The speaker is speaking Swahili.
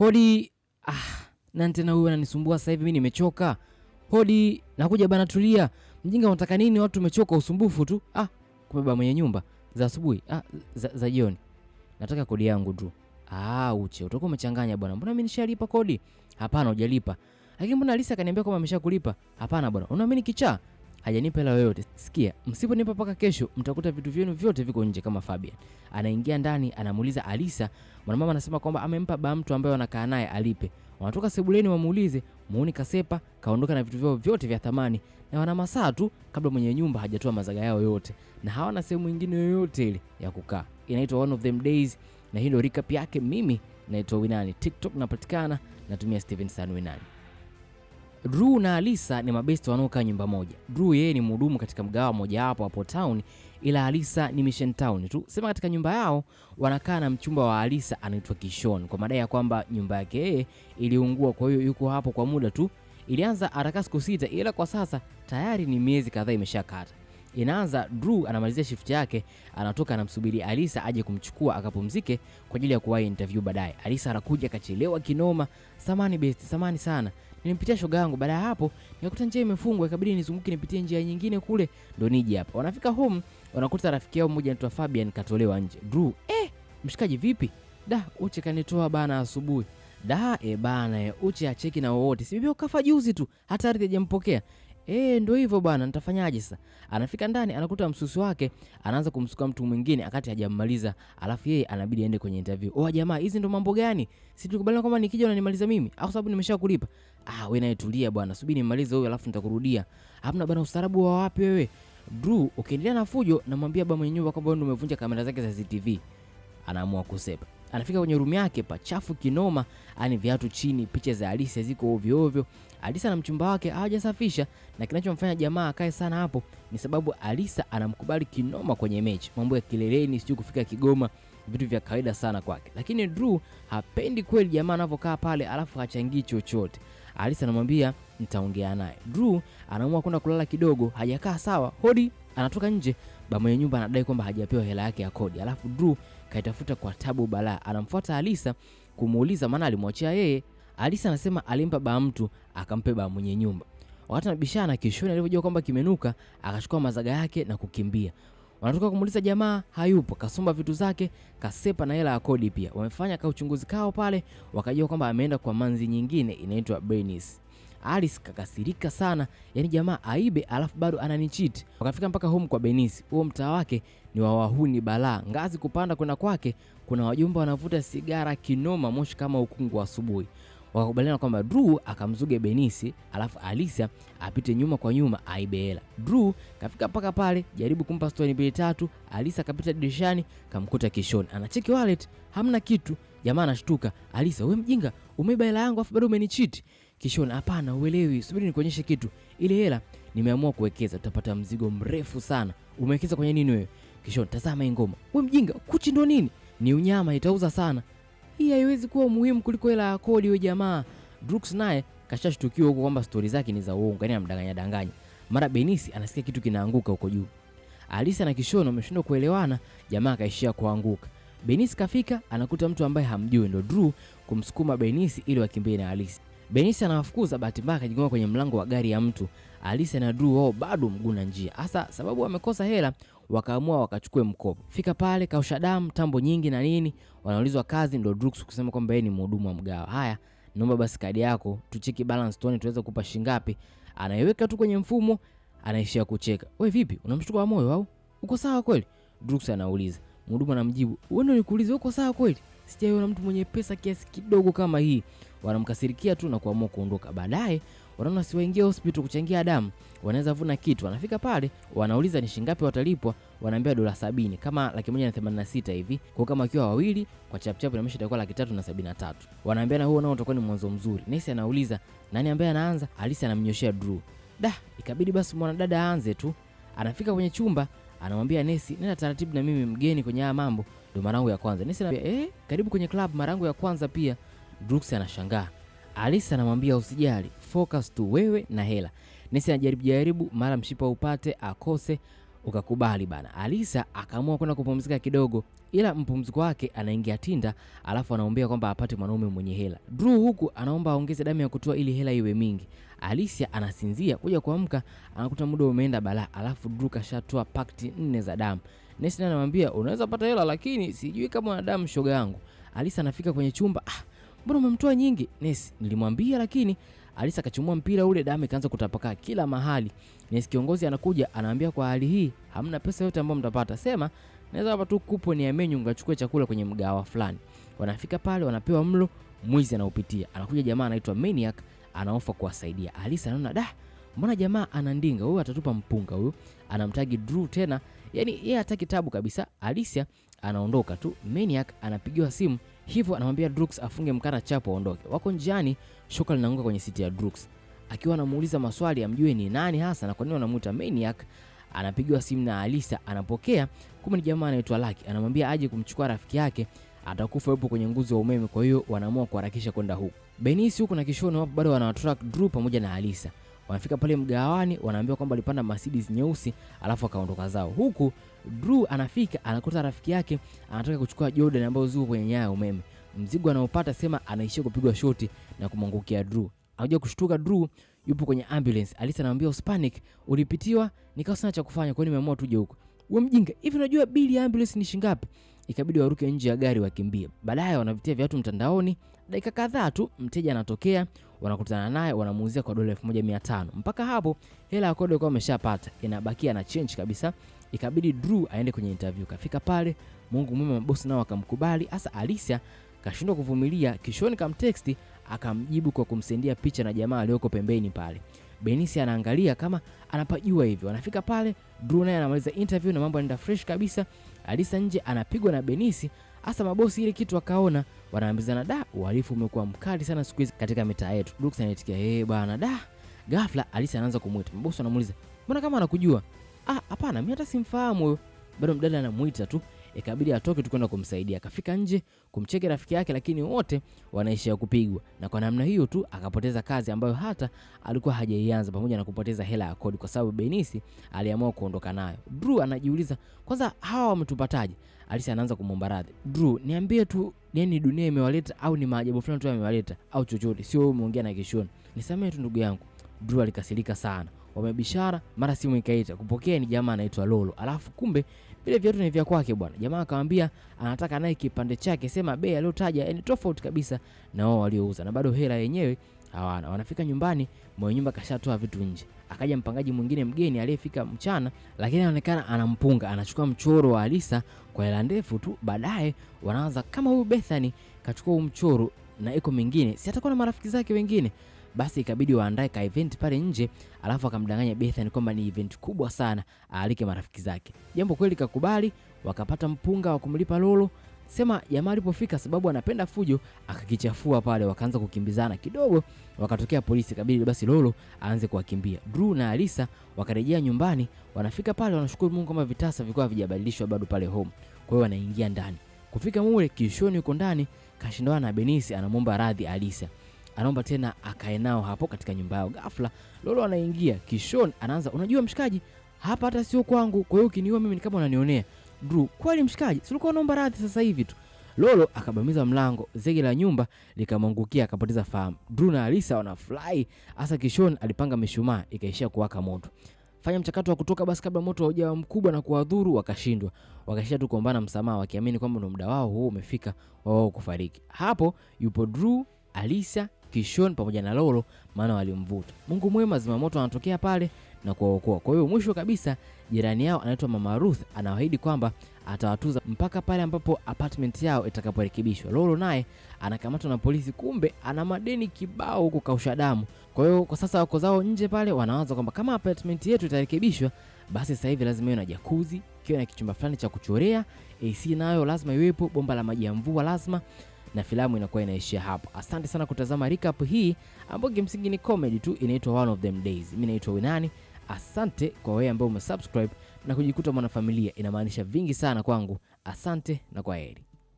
Hodi. Ah, nani tena huyu ananisumbua sasa hivi, mimi nimechoka. Hodi, nakuja bana, tulia. Mjinga unataka nini? Watu umechoka usumbufu tu. Ah, kumbe mwenye nyumba za asubuhi, ah, za, za jioni. Nataka kodi yangu tu. Ah, uche, utakuwa umechanganya bwana. Mbona mimi nishalipa kodi? Hapana, hujalipa. Lakini mbona Alisa akaniambia kwamba ameshakulipa? Hapana bwana. Unaamini kichaa? hajanipa hela yoyote. Sikia, msiponipa mpaka kesho mtakuta vitu vyenu vyote viko nje. Kama Fabian anaingia ndani, anamuuliza Alisa, mwanamama anasema kwamba amempa ba mtu ambaye wanakaa naye alipe. Wanatoka sebuleni wamuulize, muuni kasepa kaondoka na vitu vyao vyote vya thamani, na wana masaa tu kabla mwenye nyumba hajatoa mazaga yao yote, na hawana sehemu nyingine yoyote ile ya kukaa. Inaitwa One of Them Days, na hii ndio recap yake. Mimi naitwa Winani, TikTok napatikana, natumia Steven San Winani. Drew na Alisa ni mabesti wanaokaa nyumba moja. Drew yeye ni mhudumu katika mgawa moja hapo hapo town, ila Alisa ni Mission Town tu. Sema katika nyumba yao wanakaa na mchumba wa Alisa anaitwa Kishon, kwa madai ya kwamba nyumba yake yeye iliungua, kwa hiyo yuko hapo kwa muda tu. Ilianza atakaa siku sita, ila kwa sasa tayari ni miezi kadhaa imeshakata inaanza, Drew anamalizia shift yake, anatoka, anamsubiri Alisa aje kumchukua akapumzike kwa ajili ya kuwahi interview baadaye. Alisa anakuja akachelewa kinoma. Samani best, samani sana, nilimpitia shoga yangu. Baada ya hapo nikakuta njia imefungwa, ikabidi nizunguke nipitie njia nyingine kule ndo niji hapa. Wanafika home wanakuta rafiki yao mmoja anaitwa Fabian katolewa nje. Drew, eh, mshikaji vipi? Da, Uche kanitoa bana asubuhi. Da, e bana, e, Uche acheki na wowote. Si bibi ukafa juzi tu, hata ardhi hajampokea eh, ndio hivyo bwana, nitafanyaje sasa? Anafika ndani anakuta msusi wake anaanza kumsuka mtu mwingine akati hajamaliza, alafu yeye anabidi aende kwenye interview. Oh jamaa, hizi ndo mambo gani? Si tulikubaliana kwamba nikija unanimaliza mimi, au sababu nimeshakulipa? Ah, wewe naye tulia bwana, subiri nimalize huyu alafu nitakurudia. Hamna bwana, ustaarabu wa wapi wewe? Drew ukiendelea na fujo, namwambia baba mwenye nyumba kwamba wewe ndio umevunja kamera zake za CCTV. Anaamua kusepa anafika kwenye rumu yake pachafu kinoma, ani viatu chini, picha za Alisa ziko ovyo ovyo. Alisa na mchumba wake hawajasafisha, na kinachomfanya jamaa akae sana hapo ni sababu Alisa anamkubali kinoma kwenye mechi, mambo ya kileleni, sijui kufika Kigoma, vitu vya kawaida sana kwake. Lakini Drew hapendi kweli jamaa anavyokaa pale, alafu hachangii chochote. Alisa anamwambia nitaongea naye. Drew anaamua kwenda kulala kidogo, hajakaa sawa, hodi, anatoka nje ba mwenye nyumba anadai kwamba hajapewa hela yake ya kodi, alafu Dru kaitafuta kwa tabu balaa. Anamfuata Alisa kumuuliza, maana alimwachia yeye. Alisa anasema alimpa ba mtu akampe ba mwenye nyumba. Wakati anabishana kishoni, alivyojua kwamba kimenuka, akachukua mazaga yake na kukimbia. Wanatoka kumuuliza jamaa, hayupo, kasomba vitu zake, kasepa na hela ya kodi pia. Wamefanya ka uchunguzi kao pale, wakajua kwamba ameenda kwa manzi nyingine inaitwa Bernice. Alice kakasirika sana, yaani jamaa aibe alafu bado ananichit. Wakafika mpaka home kwa Benisi, huo mtaa wake ni wa wahuni balaa. Ngazi kupanda kwenda kwake kuna wajumba wanavuta sigara kinoma, moshi kama ukungu wa asubuhi. Wakakubaliana kwamba Drew akamzuge Benisi alafu Alicia apite nyuma kwa nyuma aibe hela. Drew kafika mpaka pale, jaribu kumpa stori mbili tatu. Alicia akapita dirishani kamkuta kishoni, anacheki wallet hamna kitu. Jamaa anashtuka, Alicia we mjinga, umeiba hela yangu afu bado umenichiti kishoni. Hapana, uelewi, subiri nikuonyeshe kitu. Ile hela nimeamua kuwekeza, utapata mzigo mrefu sana. Umewekeza kwenye nini wewe? Kishoni, tazama hii ngoma. Wewe mjinga, kuchi ndo nini? Ni unyama, itauza sana. Hii haiwezi kuwa muhimu kuliko hela ya kodi. Wewe jamaa Brooks naye kashashtukiwa huko kwamba stori zake ni za uongo, yani anamdanganya danganya. Mara Benisi anasikia kitu kinaanguka huko juu. Alisa na Kishono wameshindwa kuelewana, jamaa akaishia kuanguka. Benisi kafika anakuta mtu ambaye hamjui, ndo Drew kumsukuma Benisi ili wakimbie na Alisa. Benisi anawafukuza, bahati mbaya akajigonga kwenye mlango wa gari ya mtu. Alisa na Drew wao bado mguu na njia, hasa sababu wamekosa hela, wakaamua wakachukue mkopo. Fika pale kausha damu, tambo nyingi na nini, wanaulizwa kazi, ndo Drew kusema kwamba yeye ni mhudumu wa mgawa. Haya, naomba basi kadi yako tucheki balance tuone tuweza kukupa shingapi. Anaiweka tu kwenye mfumo, anaishia kucheka. We vipi, unamshtuka wa moyo au uko sawa kweli? Drew anauliza. Mhudumu anamjibu, wewe ndio nikuulize uko sawa kweli? sijaiona mtu mwenye pesa kiasi kidogo kama hii. Wanamkasirikia tu na kuamua kuondoka. Baadaye wanaona siwaingie hospital kuchangia damu, wanaweza vuna kitu. Wanafika pale, wanauliza ni shingapi watalipwa, wanaambia dola sabini kama laki moja na themanini na sita hivi kwa kama wakiwa wawili, kwa chapchap na mwisho itakuwa laki tatu na sabini na tatu. Wanaambia na huo nao utakuwa ni mwanzo mzuri. Nesi anauliza nani ambaye anaanza, Alisi anamnyoshea Drew. Da, ikabidi basi mwanadada aanze tu. Anafika kwenye chumba anamwambia Nesi, nenda taratibu, na mimi mgeni kwenye haya mambo, ndo marangu ya kwanza. Nesi anambia eh, karibu kwenye club, marangu ya kwanza pia. Brooks anashangaa. Alisa anamwambia usijali, focus tu wewe na hela. Nesi anajaribu jaribu, mara mshipa upate akose, ukakubali bana. Alisa akaamua kwenda kupumzika kidogo, ila mpumziko wake anaingia Tinda alafu anaombea kwamba apate mwanaume mwenye hela. Drew huku anaomba aongeze damu ya kutoa ili hela iwe mingi. Alicia anasinzia kuja kuamka, anakuta muda umeenda bala alafu Drew kashatoa pakti nne za damu. Nesina anamwambia unaweza pata hela, lakini sijui kama una damu shoga yangu. Alisa anafika kwenye chumba, ah, mbona umemtoa nyingi? Nesi, nilimwambia lakini Alisa akachumua mpira ule, damu ikaanza kutapakaa kila mahali. Nesi kiongozi anakuja anaambia, kwa hali hii hamna pesa yote ambayo mtapata, sema naweza hapa tu kuponi ya menyu ngachukue chakula kwenye mgawa fulani. Wanafika pale wanapewa mlo, mwizi anaupitia. Anakuja jamaa anaitwa Maniac, anaofa kuwasaidia. Alisa anaona da mbona jamaa anandinga huyu, atatupa mpunga huyu. Anamtagi Drew tena, yani yeye hataki tabu kabisa. Alisa anaondoka tu, Maniac anapigiwa simu hivyo anamwambia Drux afunge mkara chapo aondoke. Wako njiani, shoka linaanguka kwenye siti ya Drux akiwa anamuuliza maswali amjue ni nani hasa na kwa nini wanamuita maniac. Anapigiwa simu na Alisa, anapokea. Kumbe ni jamaa anaitwa Lucky, anamwambia aje kumchukua rafiki yake, atakufa yupo kwenye nguzo ya umeme. Kwa hiyo wanaamua kuharakisha kwenda huko. Benisi huko na Kishoni wapo bado wanawatrack Drew pamoja na Alisa. Wanafika pale mgawani, wanaambiwa kwamba alipanda Mercedes nyeusi alafu akaondoka zao. Huku Drew anafika anakuta rafiki yake anataka kuchukua Jordan ambayo ziko kwenye nyaya ya umeme. Mzigo anaopata sema anaishia kupigwa shoti na kumwangukia Drew. Anakuja kushtuka Drew yupo kwenye ambulance. Alisa anamwambia Hispanic, ulipitiwa, nikawa sana cha kufanya kwa hiyo nimeamua tuje huko we mjinga hivi, unajua bili ya ambulance ni shingapi Ikabidi waruke nje ya gari wakimbie. Baadaye wanavitia viatu mtandaoni, dakika kadhaa tu mteja anatokea, wanakutana naye, wanamuuzia kwa dola 1500. Mpaka hapo hela ya kodi ilikuwa ameshapata, inabakia na change kabisa. Ikabidi Drew aende kwenye interview. Kafika pale, Mungu mwema, mabosi nao akamkubali. Hasa Alicia kashindwa kuvumilia, kishoni kamteksti akamjibu kwa kumsendia picha na jamaa aliyoko pembeni pale. Benisi anaangalia kama anapajua hivyo. Anafika pale, Dru naye anamaliza interview na mambo yanaenda fresh kabisa. Alisa nje anapigwa na Benisi hasa mabosi ile kitu akaona, wanaambizana da, uhalifu umekuwa mkali sana siku hizi katika mitaa yetu. anaitikia eh, bana da. Ghafla Alisa anaanza kumwita mabosi, anamuuliza mbona kama anakujua? Ah, hapana mimi hata simfahamu huyo. Bado mdada anamuita tu ikabidi atoke tukwenda kumsaidia. Akafika nje kumcheke rafiki yake, lakini wote wanaishia kupigwa, na kwa namna hiyo tu akapoteza kazi ambayo hata alikuwa hajaianza, pamoja na kupoteza hela ya kodi, kwa sababu Benisi aliamua kuondoka nayo. Drew anajiuliza kwanza, hawa wametupataje? Alisi anaanza kumwomba radhi Drew, niambie tu yani dunia imewaleta au ni maajabu fulani tu yamewaleta au chochote, sio wewe umeongea na kishoni, nisamehe tu ndugu yangu. Drew alikasirika sana, wamebishara, mara simu ikaita, kupokea ni jamaa anaitwa Lolo, alafu kumbe vile viatu ni vya kwake bwana. Jamaa akamwambia anataka naye kipande chake, sema bei aliyotaja ni tofauti kabisa na wao waliouza, na bado hela yenyewe hawana. Wanafika nyumbani, mwenye nyumba kashatoa vitu nje. Akaja mpangaji mwingine mgeni aliyefika mchana, lakini anaonekana anampunga, anachukua mchoro wa Alisa kwa hela ndefu tu. Baadaye wanaanza kama huyu Bethany kachukua huu mchoro na iko mingine, si atakuwa na marafiki zake wengine basi ikabidi waandae ka event pale nje, alafu akamdanganya Bethan kwamba ni event kubwa sana, aalike marafiki zake. Jambo kweli kakubali, wakapata mpunga wa kumlipa Lolo. Sema jamaa alipofika, sababu anapenda fujo, akakichafua pale, wakaanza kukimbizana kidogo, wakatokea polisi, kabidi basi Lolo aanze kuwakimbia. Drew na Alisa wakarejea nyumbani, wanafika pale, wanashukuru Mungu kama vitasa vilikuwa havijabadilishwa bado pale home. Kwa hiyo wanaingia ndani, kufika mule kishoni, yuko ndani kashindana na Benisi, anamwomba radhi Alisa anaomba tena akae nao hapo katika nyumba yao. Ghafla Lolo anaingia, kishoni, anaanza, unajua mshikaji, hapa hata sio kwangu, kwa hiyo ukiniua mimi ni kama unanionea. Drew, kweli mshikaji, si ulikuwa unaomba radhi sasa hivi tu. Lolo akabamiza mlango, zege la nyumba likamwangukia akapoteza fahamu. Drew na Alisa wanafurahi hasa, kishoni alipanga mishumaa ikaishia kuwaka moto. Fanya mchakato wa kutoka basi kabla moto haujawa mkubwa na kuwadhuru, wakashindwa. Wakaishia tu kuombana msamaha, wakiamini kwamba ndo muda wao huo umefika wao kufariki. Hapo yupo Drew, Alisa Kishon pamoja na Lolo, maana walimvuta. Mungu mwema zimamoto anatokea pale na kuwaokoa. Kwa hiyo mwisho kabisa jirani yao anaitwa Mama Ruth anawaahidi kwamba atawatuza mpaka pale ambapo apartment yao itakaporekebishwa. Lolo naye anakamatwa na polisi, kumbe ana madeni kibao huko kausha damu. Kwa hiyo kwa sasa wako zao nje pale, wanawaza kwamba kama apartment yetu itarekebishwa, basi sasa hivi lazima iwe na jacuzzi, kiwe na kichumba fulani cha kuchorea, AC nayo lazima iwepo, bomba la maji ya mvua lazima na filamu inakuwa inaishia hapo. Asante sana kutazama recap hii ambayo kimsingi ni comedy tu, inaitwa One of Them Days. Mimi naitwa Winani, asante kwa wewe ambaye umesubscribe na kujikuta mwanafamilia, inamaanisha vingi sana kwangu. Asante na kwa heri.